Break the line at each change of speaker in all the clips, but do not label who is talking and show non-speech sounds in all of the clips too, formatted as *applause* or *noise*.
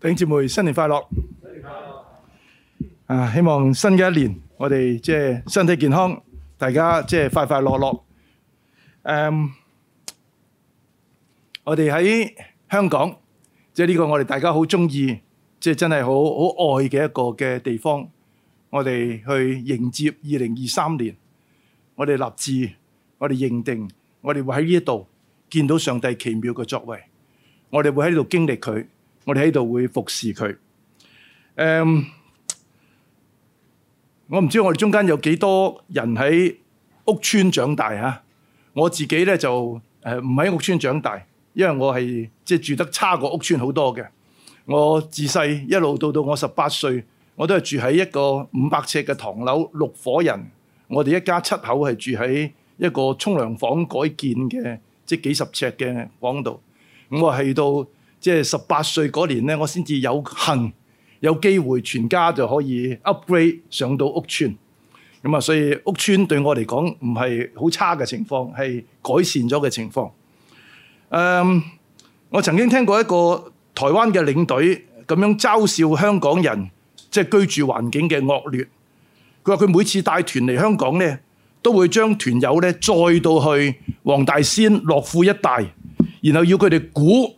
弟兄姊妹，新年快樂！新年快樂！啊，希望新嘅一年，我哋即係身體健康，大家即係快快樂樂。誒，我哋喺香港，即係呢個我哋大家好中意，即係真係好好愛嘅一個嘅地方。我哋去迎接二零二三年，我哋立志，我哋認定，我哋會喺呢一度見到上帝奇妙嘅作為，我哋會喺呢度經歷佢。我哋喺度會服侍佢。誒, um, 我唔知我哋中間有幾多人喺屋村長大嚇。我自己咧就誒唔喺屋村長大，因為我係即係住得差過屋村好多嘅。我自細一路到到我十八歲，我都係住喺一個五百尺嘅唐樓，六伙人，我哋一家七口係住喺一個沖涼房改建嘅，即係幾十尺嘅房度。咁我係到。即係十八歲嗰年咧，我先至有幸有機會全家就可以 upgrade 上到屋邨。咁啊，所以屋邨對我嚟講唔係好差嘅情況，係改善咗嘅情況。誒，我曾經聽過一個台灣嘅領隊咁樣嘲笑香港人即係居住環境嘅惡劣。佢話佢每次帶團嚟香港咧，都會將團友咧載到去黃大仙、樂富一帶，然後要佢哋估。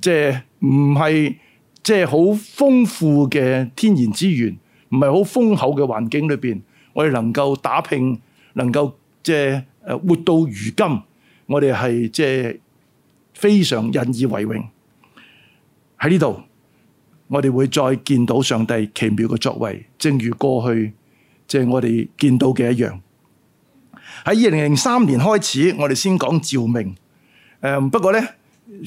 即係唔係即係好豐富嘅天然資源，唔係好豐厚嘅環境裏邊，我哋能夠打拼，能夠即係誒活到如今，我哋係即係非常引以為榮。喺呢度，我哋會再見到上帝奇妙嘅作為，正如過去即係、就是、我哋見到嘅一樣。喺二零零三年開始，我哋先講召命。誒、嗯，不過呢。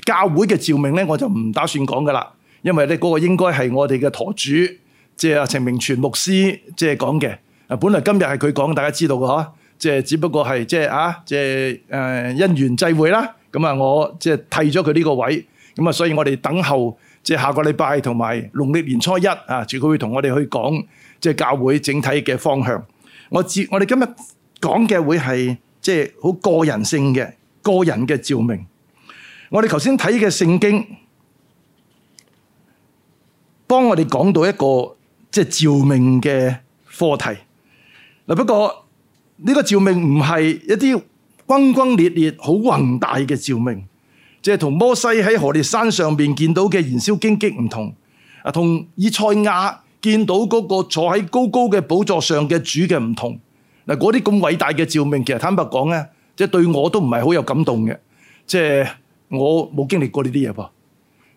教會嘅召命咧，我就唔打算講噶啦，因為咧嗰個應該係我哋嘅堂主，即係阿程明全牧師，即係講嘅。啊，本來今日係佢講，大家知道嘅嗬，即係只不過係即係啊，即係誒因緣際會啦。咁啊，我即係替咗佢呢個位。咁啊，所以我哋等候即係下個禮拜同埋農曆年初一啊，佢會同我哋去講即係教會整體嘅方向。我接我哋今日講嘅會係即係好個人性嘅個人嘅召命。我哋頭先睇嘅聖經，幫我哋講到一個即係召命嘅課題。嗱，不過呢、這個召命唔係一啲轟轟烈烈、好宏大嘅召命，即係同摩西喺何烈山上邊見到嘅燃燒荊棘唔同，啊，同以賽亞見到嗰個坐喺高高嘅寶座上嘅主嘅唔同。嗱，嗰啲咁偉大嘅召命，其實坦白講咧，即係對我都唔係好有感動嘅，即係。我冇經歷過呢啲嘢噃，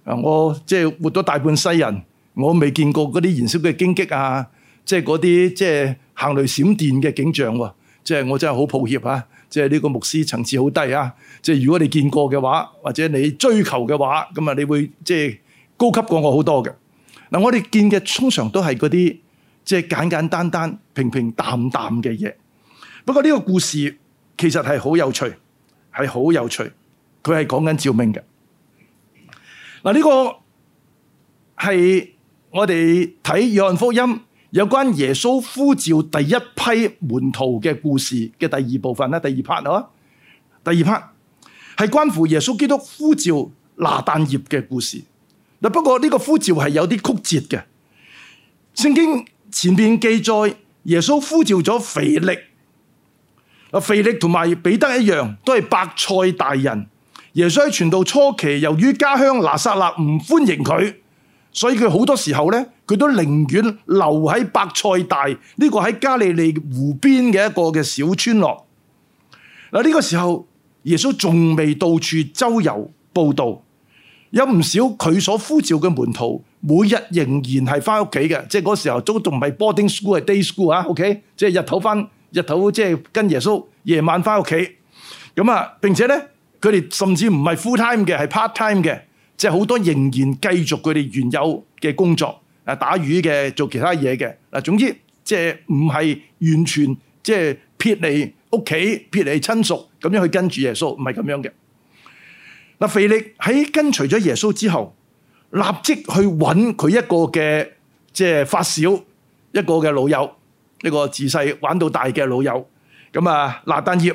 啊！我即係活咗大半世人，我未見過嗰啲燃燒嘅荊棘啊，即係嗰啲即係行雷閃電嘅景象喎，即係我真係好抱歉啊！即係呢個牧師層次好低啊！即係如果你見過嘅話，或者你追求嘅話，咁啊，你會即係高級過我好多嘅。嗱，我哋見嘅通常都係嗰啲即係簡簡單單、平平淡淡嘅嘢。不過呢個故事其實係好有趣，係好有趣。佢係講緊召命嘅，嗱，呢個係我哋睇約翰福音有關耶穌呼召第一批門徒嘅故事嘅第二部分啦，第二 part 嗬，第二 part 係關乎耶穌基督呼召拿但業嘅故事。嗱，不過呢個呼召係有啲曲折嘅。聖經前邊記載耶穌呼召咗腓力，阿腓力同埋彼得一樣，都係伯賽大人。耶穌喺傳道初期，由於家鄉拿撒勒唔歡迎佢，所以佢好多時候咧，佢都寧願留喺伯賽大呢個喺加利利湖邊嘅一個嘅小村落。嗱，呢個時候耶穌仲未到處周遊佈道，有唔少佢所呼召嘅門徒，每日仍然係返屋企嘅。即係嗰個時候都仲唔係 boarding school，係 day school 啊。OK，即係日頭返，日頭即係跟耶穌，夜晚返屋企。咁啊，並且咧。佢哋甚至唔係 full time 嘅，係 part time 嘅，即係好多仍然繼續佢哋原有嘅工作，啊打魚嘅，做其他嘢嘅。嗱，總之即係唔係完全即係撇離屋企、撇離親屬咁樣去跟住耶穌，唔係咁樣嘅。嗱，腓力喺跟隨咗耶穌之後，立即去揾佢一個嘅即係發小，一個嘅老友，一個自細玩到大嘅老友。咁啊，拿但業。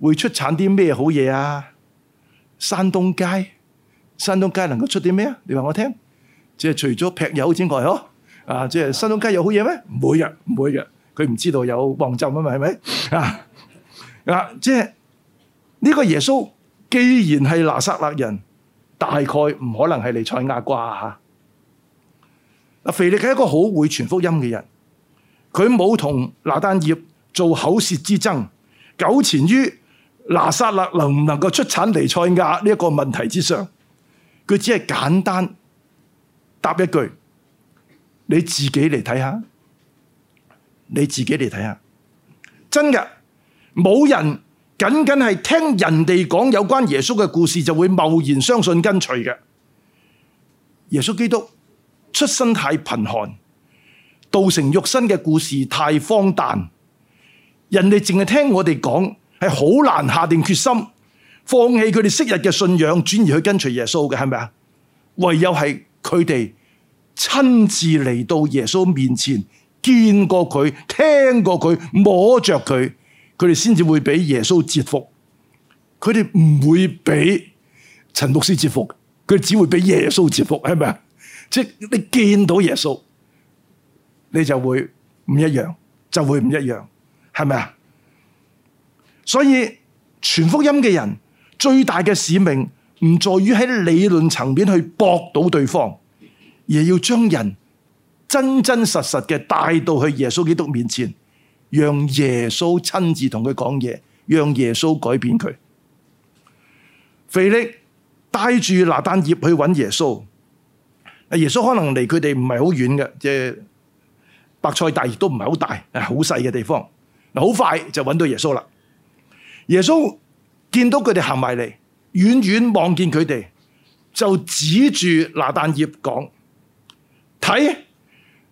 會出產啲咩好嘢啊？山東街，山東街能夠出啲咩啊？你話我聽，即係除咗劈友之外，嗬，啊，即係山東街有好嘢咩？唔會嘅，唔會嘅，佢唔知道有旺浸咁嘛，係咪啊？啊， *laughs* 即係呢個耶穌既然係拿撒勒人，大概唔可能係尼塞牙瓜吓。嗱，腓力係一個好會傳福音嘅人，佢冇同拿但業做口舌之爭，糾纏於，拿撒勒能唔能夠出產尼賽亞呢個問題之上，佢只係簡單答一句：你自己嚟睇下，你自己嚟睇下。真嘅冇人僅僅係聽人哋講有關耶穌嘅故事就會貿然相信跟隨嘅。耶穌基督出身太貧寒，道成肉身嘅故事太荒誕，人哋淨係聽我哋講，係好難下定決心放棄佢哋昔日嘅信仰，轉而去跟隨耶穌嘅，係咪啊？唯有係佢哋親自嚟到耶穌面前，見過佢，聽過佢，摸着佢，佢哋先至會俾耶穌折服。佢哋唔會俾陳牧師折服，佢哋只會俾耶穌折服，係咪啊？即係你見到耶穌，你就會唔一樣，就會唔一樣，係咪啊？所以傳福音嘅人最大嘅使命，唔在於喺理論層面去駁倒對方，而要將人真真實實嘅帶到去耶穌基督面前，讓耶穌親自同佢講嘢，讓耶穌改變佢。腓力帶住拿但業去揾耶穌，耶穌可能離佢哋唔係好遠嘅，即係伯賽大亦都唔係好大，啊好細嘅地方，好快就揾到耶穌啦。耶穌見到佢哋行埋嚟，遠遠望見佢哋，就指住拿但業講：睇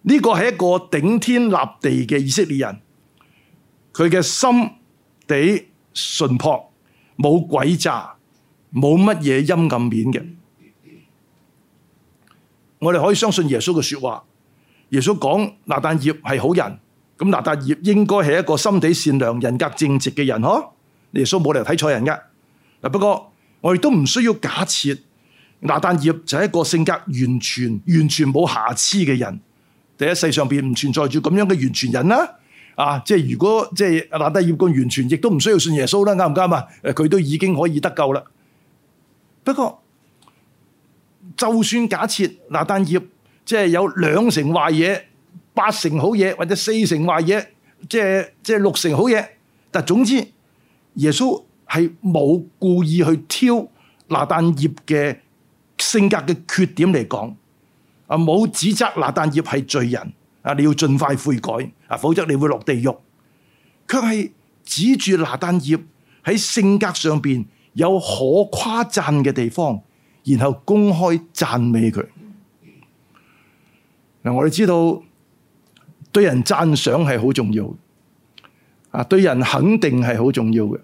呢個係一個頂天立地嘅以色列人，佢嘅心地純樸，冇鬼詐，冇乜嘢陰暗面嘅。我哋可以相信耶穌嘅說話。耶穌講拿但業係好人，咁拿但業應該係一個心地善良、人格正直嘅人，嗬。耶穌冇理由睇錯人嘅，嗱，不過我亦都唔需要假設拿但業就係一個性格完全完全冇瑕疵嘅人。第一，世上邊唔存在住咁樣嘅完全人啦，啊，啊！即係如果即係拿但業咁完全，亦都唔需要信耶穌啦，啱唔啱啊？誒，佢都已經可以得救啦。不過，就算假設拿但業即係有兩成壞嘢，八成好嘢，或者四成壞嘢，即係即係六成好嘢，但總之。耶穌係冇故意去挑拿但業嘅性格嘅缺點嚟講，啊，冇指責拿但業係罪人，啊，你要盡快悔改，啊，否則你會落地獄。卻係指住拿但業喺性格上邊有可誇讚嘅地方，然後公開讚美佢。嗱，我哋知道對人讚賞係好重要，啊，對人肯定係好重要嘅。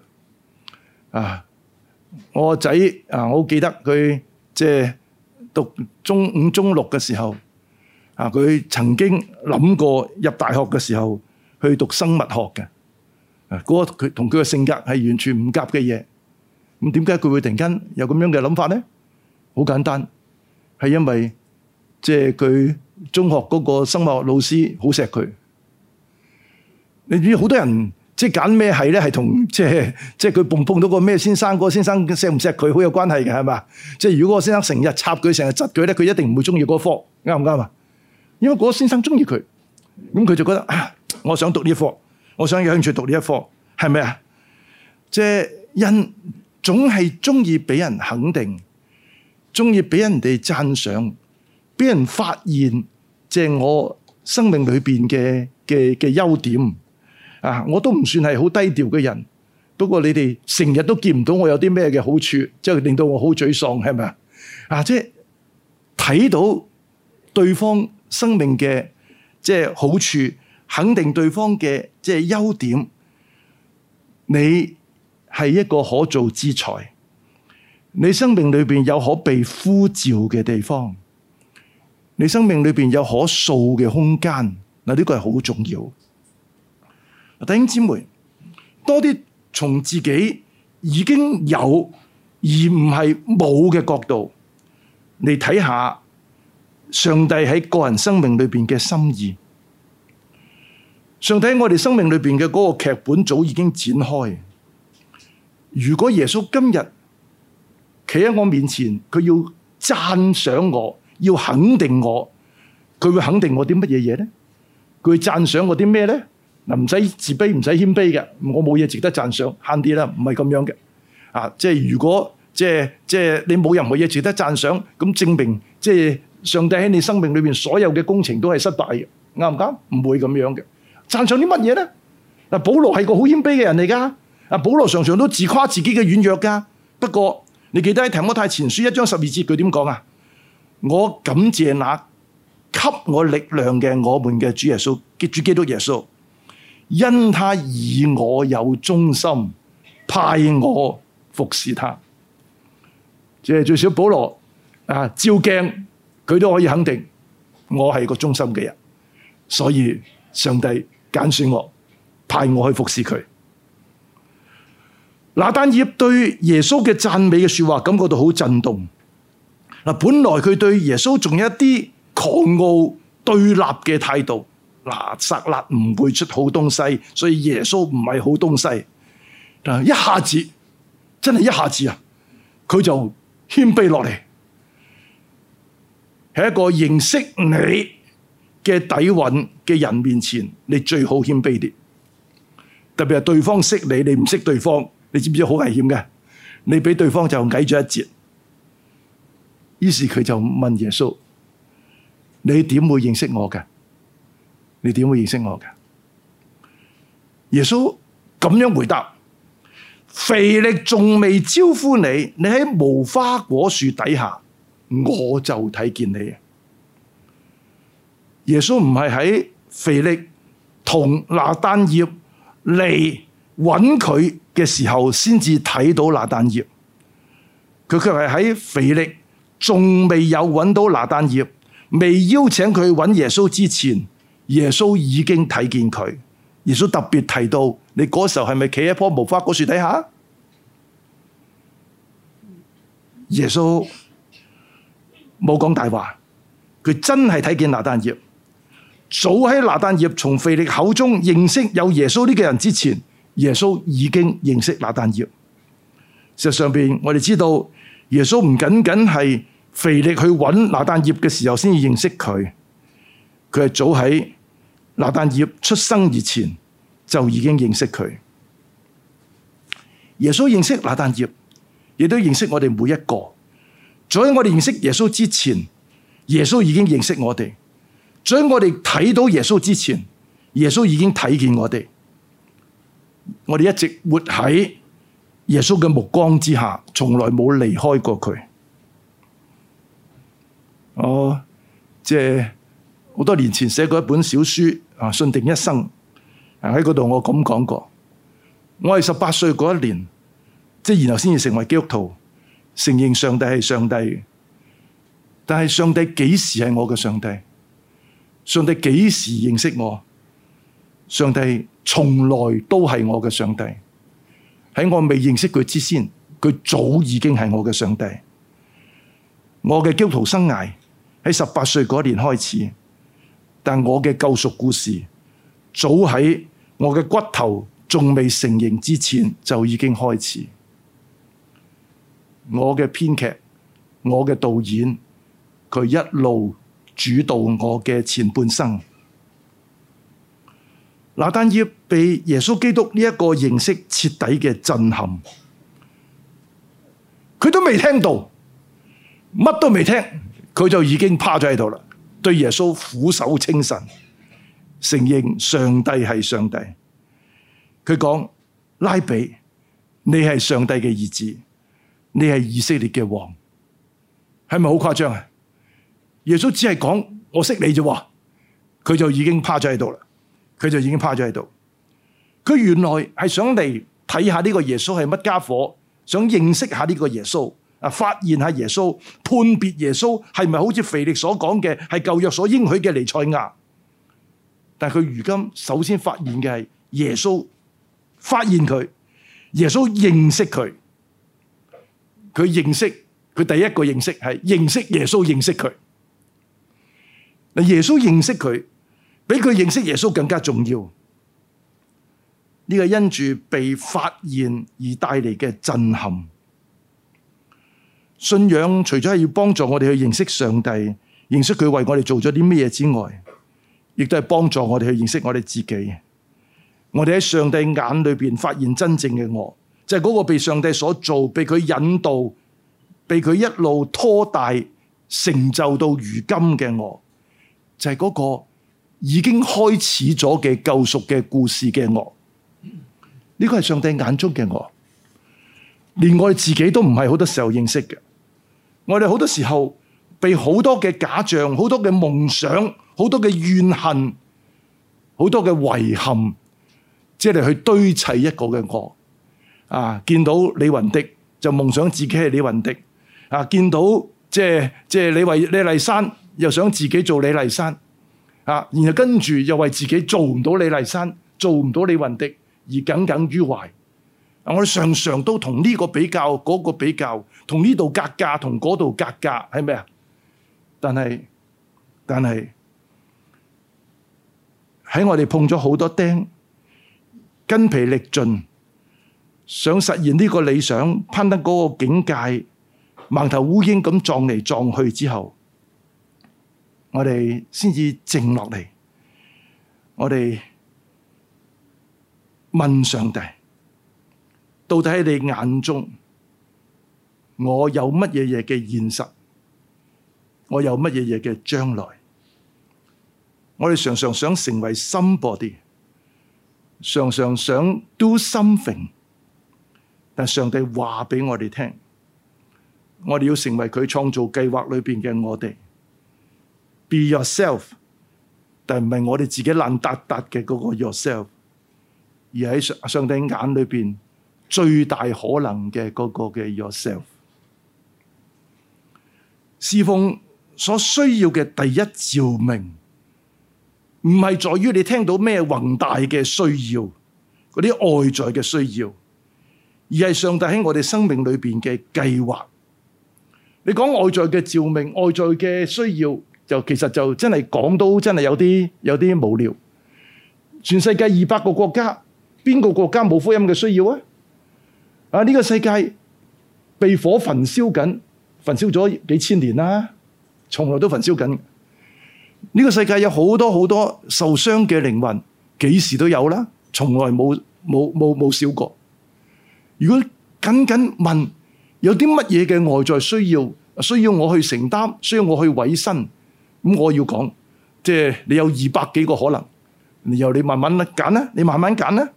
啊！我個仔啊，我好記得佢即係讀中五、中六嘅時候啊，佢曾經諗過入大學嘅時候去讀生物學嘅。嗰個佢同佢嘅性格係完全唔夾嘅嘢。咁點解佢會突然間有咁樣嘅諗法咧？好簡單，係因為即係佢中學嗰個生物學老師好錫佢。你知好多人。即係揀咩係咧？係同即係即係佢碰碰到個咩先生？嗰個先生錫唔錫佢，好有關係嘅，係嘛？即係如果嗰個先生成日插佢，成日窒佢咧，佢一定唔會中意嗰科，啱唔啱啊？因為嗰個先生中意佢，咁佢就覺得啊，我想讀呢科，我想有興趣讀呢一科，係咪啊？即係人總係中意俾人肯定，中意俾人哋讚賞，俾人發現即係我生命裏邊嘅嘅嘅優點。啊！我都唔算係好低調嘅人，不過你哋成日都見唔到我有啲咩嘅好處，即係令到我好沮喪，係咪啊？即係睇到對方生命嘅即係好處，肯定對方嘅即係優點。你係一個可造之才，你生命裏邊有可被呼召嘅地方，你生命裏邊有可塑嘅空間。嗱，呢個係好重要。弟兄姊妹，多啲從自己已經有而唔係冇嘅角度嚟睇下上帝喺個人生命裏邊嘅心意。上帝喺我哋生命裏邊嘅嗰個劇本早已經展開。如果耶穌今日企喺我面前，佢要讚賞我，要肯定我，佢會肯定我啲乜嘢嘢咧？佢會讚賞我啲咩咧？唔使自卑，唔使謙卑嘅。我冇嘢值得讚賞，慳啲啦，唔係咁樣嘅啊。即係如果即係即係你冇任何嘢值得讚賞，咁證明即係上帝喺你生命裏邊所有嘅工程都係失敗嘅，啱唔啱？唔會咁樣嘅。讚賞啲乜嘢咧？嗱、啊，保羅係個好謙卑嘅人嚟噶。嗱、啊啊，保羅常常都自誇自己嘅軟弱噶。不過你記得喺《提摩太前書》一章十二節，佢點講啊？我感謝那給我力量嘅我們嘅主耶穌，主基督耶穌。因他以我有忠心，派我服侍他。即係最少保羅啊，照鏡佢都可以肯定，我係個忠心嘅人，所以上帝揀選我，派我去服侍佢。拿但業對耶穌嘅讚美嘅說話，感覺到好震動。嗱，本來佢對耶穌仲有一啲狂傲對立嘅態度。嗱，拿撒勒唔會出好東西，所以耶穌唔係好東西。但一下子，真係一下子啊，佢就謙卑落嚟，喺一個認識你嘅底蘊嘅人面前，你最好謙卑啲。特別係對方識你，你唔識對方你知知，你知唔知好危險嘅？你俾對方就矮咗一截。於是佢就問耶穌：「你點會認識我嘅？你點會認識我嘅？耶穌咁樣回答：腓力仲未招呼你，你喺無花果樹底下，我就睇見你。耶穌唔係喺腓力同拿但業嚟揾佢嘅時候，先至睇到拿但業。佢卻係喺腓力仲未有揾到拿但業，未邀請佢揾耶穌之前。耶穌已經睇見佢，耶穌特別提到你嗰時候係咪企喺棵無花果樹底下？耶穌冇講大話，佢真係睇見拿但業。早喺拿但業從腓力口中認識有耶穌呢個人之前，耶穌已經認識拿但業。事實上邊，我哋知道耶穌唔僅僅係腓力去揾拿但業嘅時候先至認識佢，佢係早喺。拿但業出生以前就已經認識佢，耶穌認識拿但業，亦都認識我哋每一個。在我哋認識耶穌之前，耶穌已經認識我哋；在我哋睇到耶穌之前，耶穌已經睇見我哋。我哋一直活喺耶穌嘅目光之下，從來冇離開過佢。哦，即係好多年前寫過一本小書。啊，信定一生，喺嗰度我咁講過。我係十八歲嗰一年，即係然後先至成為基督徒，承認上帝係上帝。但係上帝幾時係我嘅上帝？上帝幾時認識我？上帝從來都係我嘅上帝。喺我未認識佢之前，佢早已經係我嘅上帝。我嘅基督徒生涯喺十八歲嗰一年開始。但我嘅救贖故事，早喺我嘅骨頭仲未成形之前就已經開始。我嘅編劇，我嘅導演，佢一路主導我嘅前半生。拿但業被耶穌基督呢一個認識徹底嘅震撼，佢都未聽到，乜都未聽，佢就已經趴咗喺度啦。對耶穌俯首稱臣，承認上帝係上帝。佢講，拉比，你係上帝嘅兒子，你係以色列嘅王，係咪好誇張啊？耶穌只係講我識你啫，佢就已經趴咗喺度啦。佢就已經趴咗喺度。佢原來係想嚟睇下呢個耶穌係乜家伙，想認識下呢個耶穌。發現下耶穌，判別耶穌係咪好似腓力所講嘅係舊約所應許嘅彌賽亞，但係佢如今首先發現嘅係耶穌，發現佢，耶穌認識佢，佢認識佢，他第一個認識係認識耶穌，認識佢。嗱，耶穌認識佢，比佢認識耶穌更加重要。呢個因住被發現而帶嚟嘅震撼。信仰除咗係要幫助我哋去認識上帝、認識佢為我哋做咗啲咩嘢之外，亦都係幫助我哋去認識我哋自己。我哋喺上帝眼裏邊發現真正嘅我，就係、是、嗰個被上帝所做、被佢引導、被佢一路拖大、成就到如今嘅我，就係、是、嗰個已經開始咗嘅救贖嘅故事嘅我。呢、這個係上帝眼中嘅我，連我哋自己都唔係好多時候認識嘅。我哋好多時候被好多嘅假象、好多嘅夢想、好多嘅怨恨、好多嘅遺憾，即係嚟去堆砌一個嘅我。啊，見到李雲迪就夢想自己係李雲迪；啊，見到即係即係李雲李麗珊，又想自己做李麗珊。啊，然後跟住又為自己做唔到李麗珊、做唔到李雲迪而耿耿於懷。我哋常常都同呢個比較，嗰個比較，同呢度格價，同嗰度格價，係咩啊？但係但係喺我哋碰咗好多釘，筋疲力盡，想實現呢個理想，攀登嗰個境界，盲頭烏蠅咁撞嚟撞去之後，我哋先至靜落嚟，我哋問上帝。到底喺你眼中，我有乜嘢嘢嘅現實？我有乜嘢嘢嘅將來？我哋常常想成為 somebody，常常想 do something，但上帝話俾我哋聽，我哋要成為佢創造計劃裏邊嘅我哋。Be yourself，但唔係我哋自己爛達達嘅嗰個 yourself，而喺上上帝眼裏邊。最大可能嘅嗰個嘅 yourself，侍奉所需要嘅第一召命，唔係在於你聽到咩宏大嘅需要，嗰啲外在嘅需要，而係上帝喺我哋生命裏邊嘅計劃。你講外在嘅召命、外在嘅需要，就其實就真係講到真係有啲有啲無聊。全世界二百個國家，邊個國家冇福音嘅需要啊？啊！呢個世界被火焚燒緊，焚燒咗幾千年啦，從來都焚燒緊。呢個世界有好多好多受傷嘅靈魂，幾時都有啦，從來冇冇冇冇少過。如果僅僅問有啲乜嘢嘅外在需要，需要我去承擔，需要我去委身，咁我要講，即係你有二百幾個可能，然後你慢慢揀啦，你慢慢揀啦，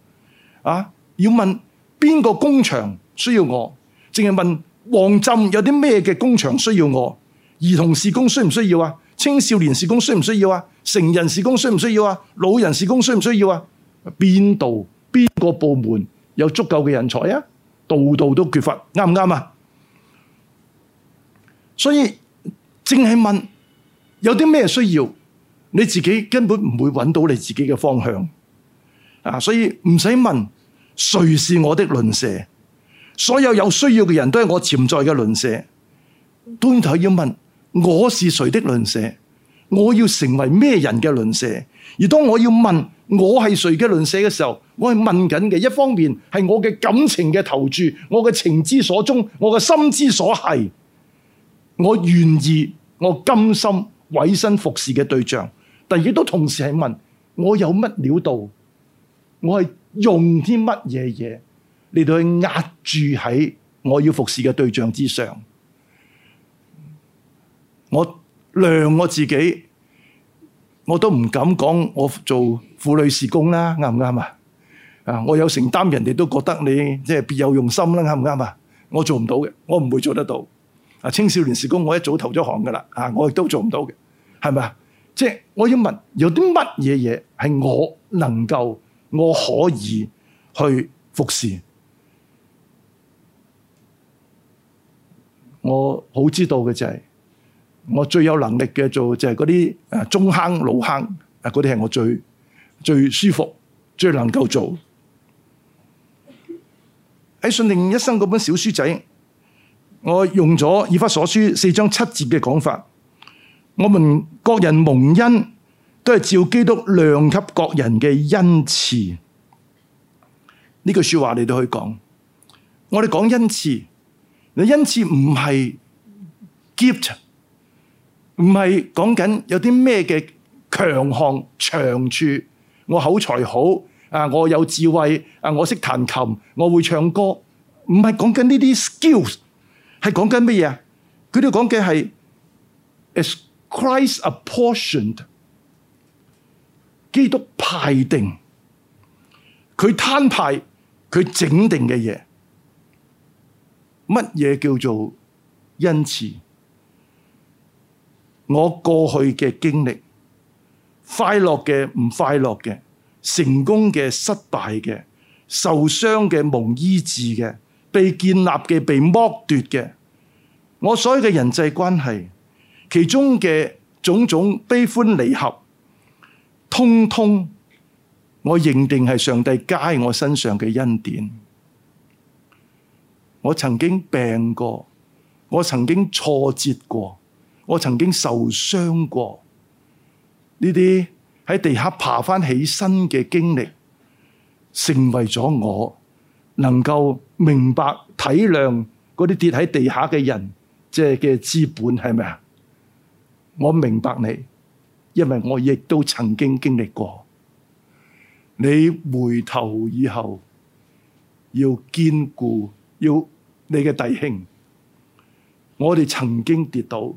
啊，要問。邊個工場需要我？淨係問旺浸有啲咩嘅工場需要我？兒童事工需唔需要啊？青少年事工需唔需要啊？成人事工需唔需要啊？老人事工需唔需要啊？邊度邊個部門有足夠嘅人才啊？度度都缺乏，啱唔啱啊？所以淨係問有啲咩需要，你自己根本唔會揾到你自己嘅方向啊！所以唔使問。誰是我的鄰舍？所有有需要嘅人都係我潛在嘅鄰舍。端頭要問，我是誰的鄰舍？我要成為咩人嘅鄰舍？而當我要問我係誰嘅鄰舍嘅時候，我係問緊嘅。一方面係我嘅感情嘅投注，我嘅情之所鍾，我嘅心之所繫，我願意，我甘心委身服侍嘅對象。但亦都同時係問我有乜料到？我係。用啲乜嘢嘢嚟到去壓住喺我要服侍嘅對象之上，我量我自己，我都唔敢講我做婦女事工啦，啱唔啱啊？啊，我有承擔，人哋都覺得你即係別有用心啦，啱唔啱啊？我做唔到嘅，我唔會做得到。啊，青少年事工我一早投咗行噶啦，啊，我亦都做唔到嘅，係咪啊？即係我要問，有啲乜嘢嘢係我能夠？我可以去服侍，我好知道嘅就係、是、我最有能力嘅做就係嗰啲啊中坑老坑啊嗰啲係我最最舒服最能夠做。喺《順寧一生》嗰本小書仔，我用咗以弗所書四章七節嘅講法，我們各人蒙恩。都係照基督量給各人嘅恩賜。呢句說話你都可以講。我哋講恩賜，你恩賜唔係 gift，唔係講緊有啲咩嘅強項長處。我口才好啊，我有智慧啊，我識彈琴，我會唱歌，唔係講緊呢啲 skills，係講緊乜嘢啊？佢哋講嘅係 as Christ apportioned 基督派定佢攤派佢整定嘅嘢，乜嘢叫做恩賜？我過去嘅經歷，快樂嘅唔快樂嘅，成功嘅失敗嘅，受傷嘅蒙醫治嘅，被建立嘅被剝奪嘅，我所有嘅人際關係，其中嘅種種悲歡離合。通通，我認定係上帝加喺我身上嘅恩典。我曾經病過，我曾經挫折過，我曾經受傷過。呢啲喺地下爬翻起身嘅經歷，成為咗我能夠明白體諒嗰啲跌喺地下嘅人，即係嘅資本係咪啊？我明白你。因為我亦都曾經經歷過，你回頭以後要堅固，要你嘅弟兄。我哋曾經跌倒，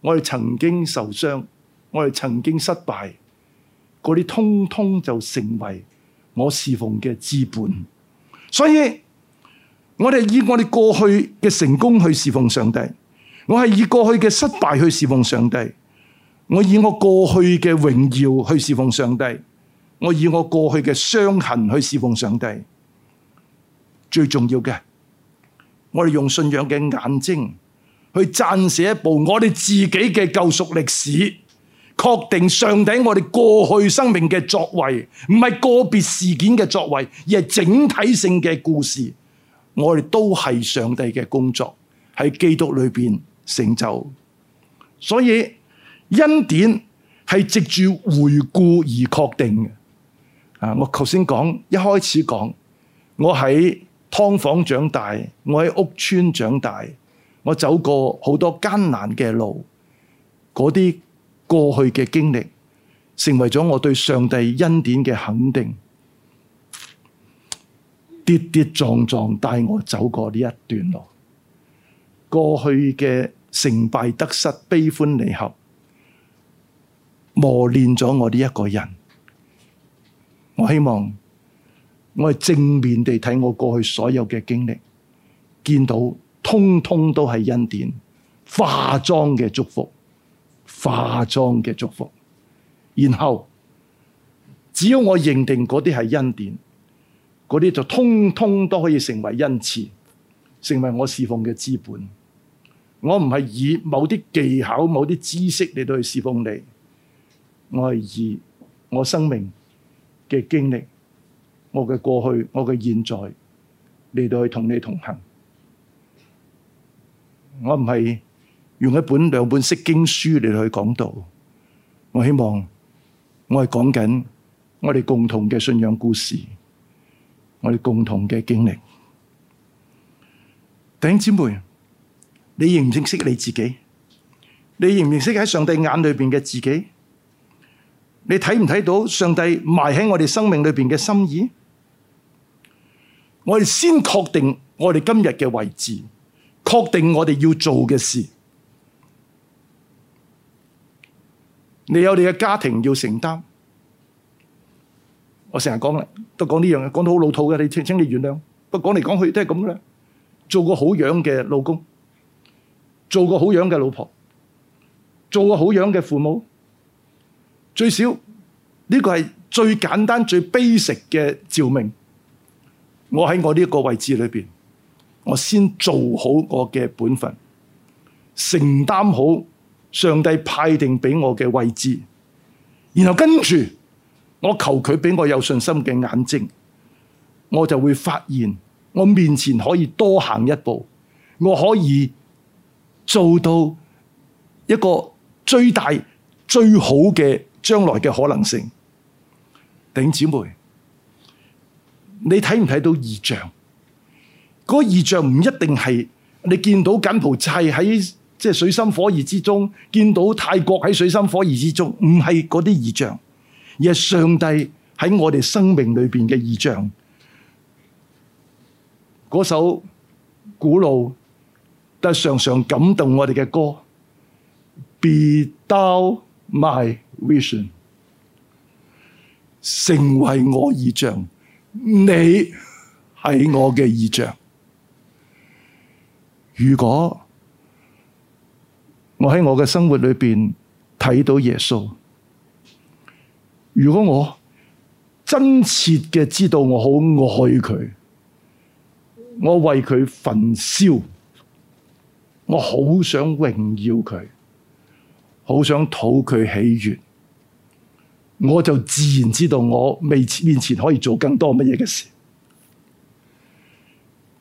我哋曾經受傷，我哋曾經失敗，嗰啲通通就成為我侍奉嘅資本。所以，我哋以我哋過去嘅成功去侍奉上帝，我係以過去嘅失敗去侍奉上帝。我以我過去嘅榮耀去侍奉上帝，我以我過去嘅傷痕去侍奉上帝。最重要嘅，我哋用信仰嘅眼睛去撰寫一部我哋自己嘅救贖歷史，確定上帝我哋過去生命嘅作為，唔係個別事件嘅作為，而係整體性嘅故事。我哋都係上帝嘅工作，喺基督裏邊成就。所以。恩典係藉住回顧而確定嘅。啊，我頭先講一開始講，我喺湯房長大，我喺屋邨長大，我走過好多艱難嘅路，嗰啲過去嘅經歷，成為咗我對上帝恩典嘅肯定。跌跌撞撞帶我走過呢一段路，過去嘅成敗得失、悲歡離合。磨練咗我呢一個人，我希望我係正面地睇我過去所有嘅經歷，見到通通都係恩典，化妝嘅祝福，化妝嘅祝福，然後只要我認定嗰啲係恩典，嗰啲就通通都可以成為恩賜，成為我侍奉嘅資本。我唔係以某啲技巧、某啲知識嚟到去侍奉你。我係以我生命嘅經歷，我嘅過去，我嘅現在嚟到去同你同行。我唔係用一本兩本釋經書嚟去講道。我希望我係講緊我哋共同嘅信仰故事，我哋共同嘅經歷。弟兄姊妹，你認唔認識你自己？你認唔認識喺上帝眼裏邊嘅自己？你睇唔睇到上帝埋喺我哋生命裏邊嘅心意？我哋先確定我哋今日嘅位置，確定我哋要做嘅事。你有你嘅家庭要承擔。我成日講啦，都講呢樣嘢，講到好老土嘅，你請，請你原諒。不過講嚟講去都係咁啦。做個好樣嘅老公，做個好樣嘅老婆，做個好樣嘅父母。最少呢、這個係最簡單、最 basic 嘅召命。我喺我呢個位置裏邊，我先做好我嘅本分，承擔好上帝派定俾我嘅位置。然後跟住，我求佢俾我有信心嘅眼睛，我就會發現我面前可以多行一步，我可以做到一個最大、最好嘅。將來嘅可能性。頂姊妹，你睇唔睇到異象？嗰個異象唔一定係你見到柬埔寨喺即係水深火熱之中，見到泰國喺水深火熱之中，唔係嗰啲異象，而係上帝喺我哋生命裏邊嘅異象。嗰首古老但常常感動我哋嘅歌，Be Thou My。Vision 成為我異象，你係我嘅異象。如果我喺我嘅生活裏邊睇到耶穌，如果我真切嘅知道我好愛佢，我為佢焚燒，我好想榮耀佢，好想討佢喜悅。我就自然知道，我未面前可以做更多乜嘢嘅事。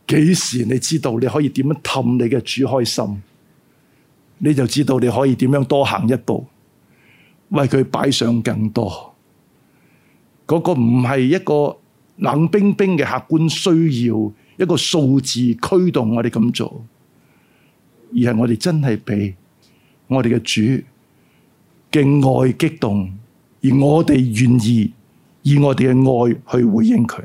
幾時你知道你可以點樣氹你嘅主開心，你就知道你可以點樣多行一步，為佢擺上更多。嗰個唔係一個冷冰冰嘅客觀需要，一個數字驅動我哋咁做，而係我哋真係被我哋嘅主敬愛激動，而我哋願意以我哋嘅愛去回應佢。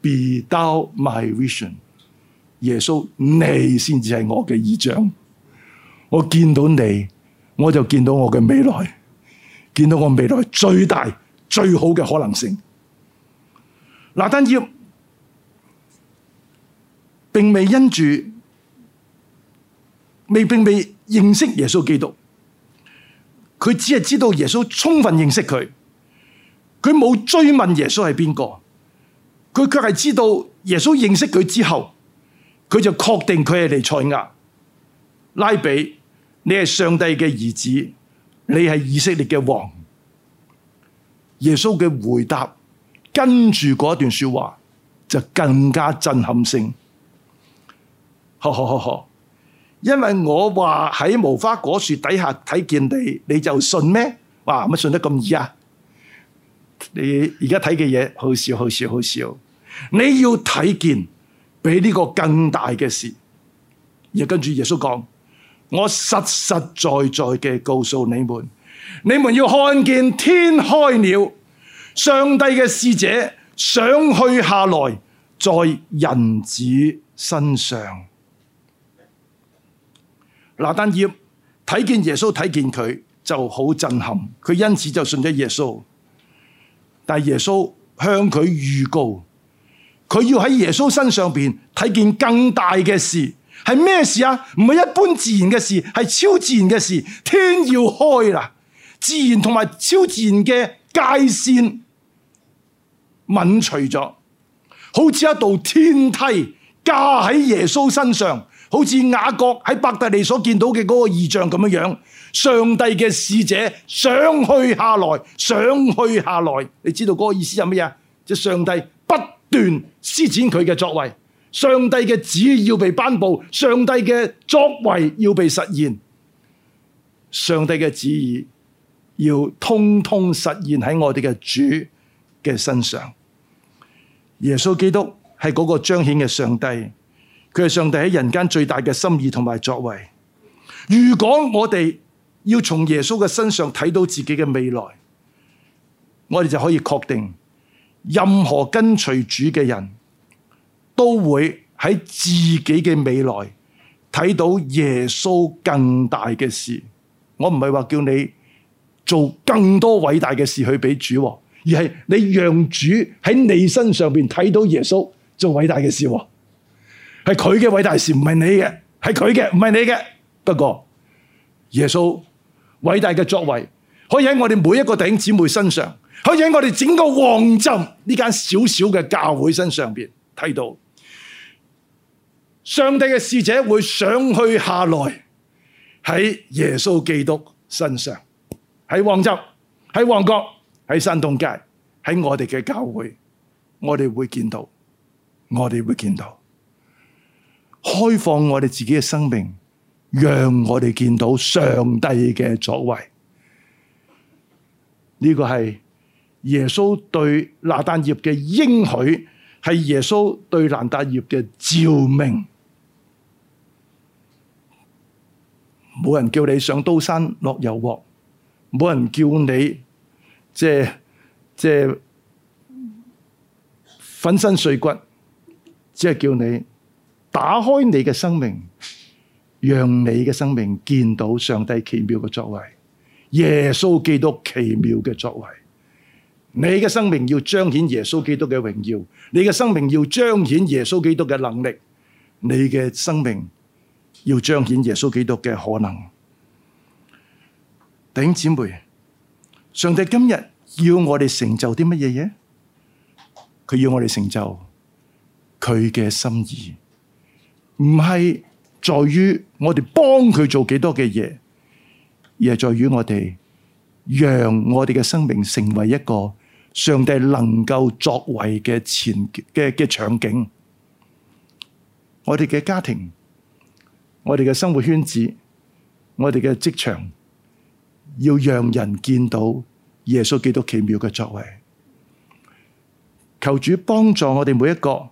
Be thou my vision，耶穌你先至係我嘅意象。我見到你，我就見到我嘅未來，見到我未來最大最好嘅可能性。拿但業並未因住未並未認識耶穌基督。佢只係知道耶穌充分認識佢，佢冇追問耶穌係邊個，佢卻係知道耶穌認識佢之後，佢就確定佢係彌賽亞拉比，你係上帝嘅兒子，你係以色列嘅王。耶穌嘅回答跟住嗰一段說話就更加震撼性，哈哈哈！哈因為我話喺無花果樹底下睇見你，你就信咩？哇，乜信得咁易啊？你而家睇嘅嘢好少，好少，好少。你要睇見比呢個更大嘅事。跟住耶穌講：我實實在在嘅告訴你們，你們要看見天開了，上帝嘅使者上去下來，在人子身上。那但業睇見耶穌睇見佢就好震撼，佢因此就信咗耶穌。但耶穌向佢預告，佢要喺耶穌身上邊睇見更大嘅事，係咩事啊？唔係一般自然嘅事，係超自然嘅事，天要開啦，自然同埋超自然嘅界線泯除咗，好似一道天梯架喺耶穌身上。好似雅各喺伯特利所見到嘅嗰個異象咁樣樣，上帝嘅使者上去下來，上去下來，你知道嗰個意思係乜嘢？即、係、上帝不斷施展佢嘅作為，上帝嘅旨意要被頒布，上帝嘅作為要被實現，上帝嘅旨意要通通實現喺我哋嘅主嘅身上。耶穌基督係嗰個彰顯嘅上帝。佢係上帝喺人間最大嘅心意同埋作為。如果我哋要從耶穌嘅身上睇到自己嘅未來，我哋就可以確定，任何跟隨主嘅人都會喺自己嘅未來睇到耶穌更大嘅事。我唔係話叫你做更多偉大嘅事去俾主，而係你讓主喺你身上面睇到耶穌做偉大嘅事。係佢嘅偉大事，唔係你嘅，係佢嘅，唔係你嘅。不過耶穌偉大嘅作為，可以喺我哋每一個弟兄姊妹身上，可以喺我哋整個旺浸呢間小小嘅教會身上邊睇到。上帝嘅使者會上去下來，喺耶穌基督身上，喺旺浸，喺旺角，喺山東街，喺我哋嘅教會，我哋會見到，我哋會見到。開放我哋自己嘅生命，讓我哋見到上帝嘅作為。呢個係耶穌對拿但業嘅應許，係耶穌對拿但業嘅召命。冇人叫你上刀山落油鑊，冇人叫你即係即係粉身碎骨，只係叫你。打開你嘅生命，讓你嘅生命見到上帝奇妙嘅作為，耶穌基督奇妙嘅作為。你嘅生命要彰顯耶穌基督嘅榮耀，你嘅生命要彰顯耶穌基督嘅能力，你嘅生命要彰顯耶穌基督嘅可能。弟兄姊妹，上帝今日要我哋成就啲乜嘢嘢？佢要我哋成就佢嘅心意。唔係在於我哋幫佢做幾多嘅嘢，而係在於我哋讓我哋嘅生命成為一個上帝能夠作為嘅前嘅嘅場景。我哋嘅家庭、我哋嘅生活圈子、我哋嘅職場，要讓人見到耶穌幾多奇妙嘅作為。求主幫助我哋每一個。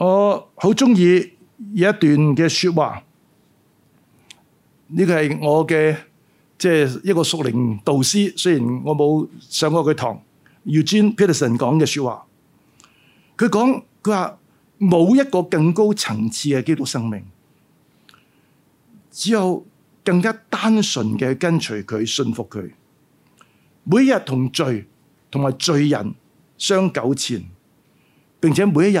我好中意有一段嘅說話，呢個係我嘅，即係一個屬靈導師，雖然我冇上過佢堂，Eugene Peterson 講嘅說話。佢講，佢話冇一個更高層次嘅基督生命，只有更加單純嘅跟隨佢、信服佢，每一日同罪同埋罪人相糾纏，並且每一日。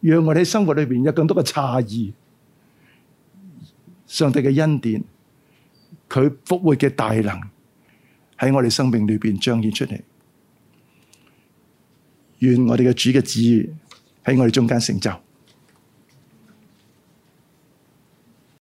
讓我哋生活裏面有更多嘅詫異，上帝嘅恩典，佢復活嘅大能，喺我哋生命裏面彰顯出嚟。願我哋嘅主嘅旨意喺我哋中間成就。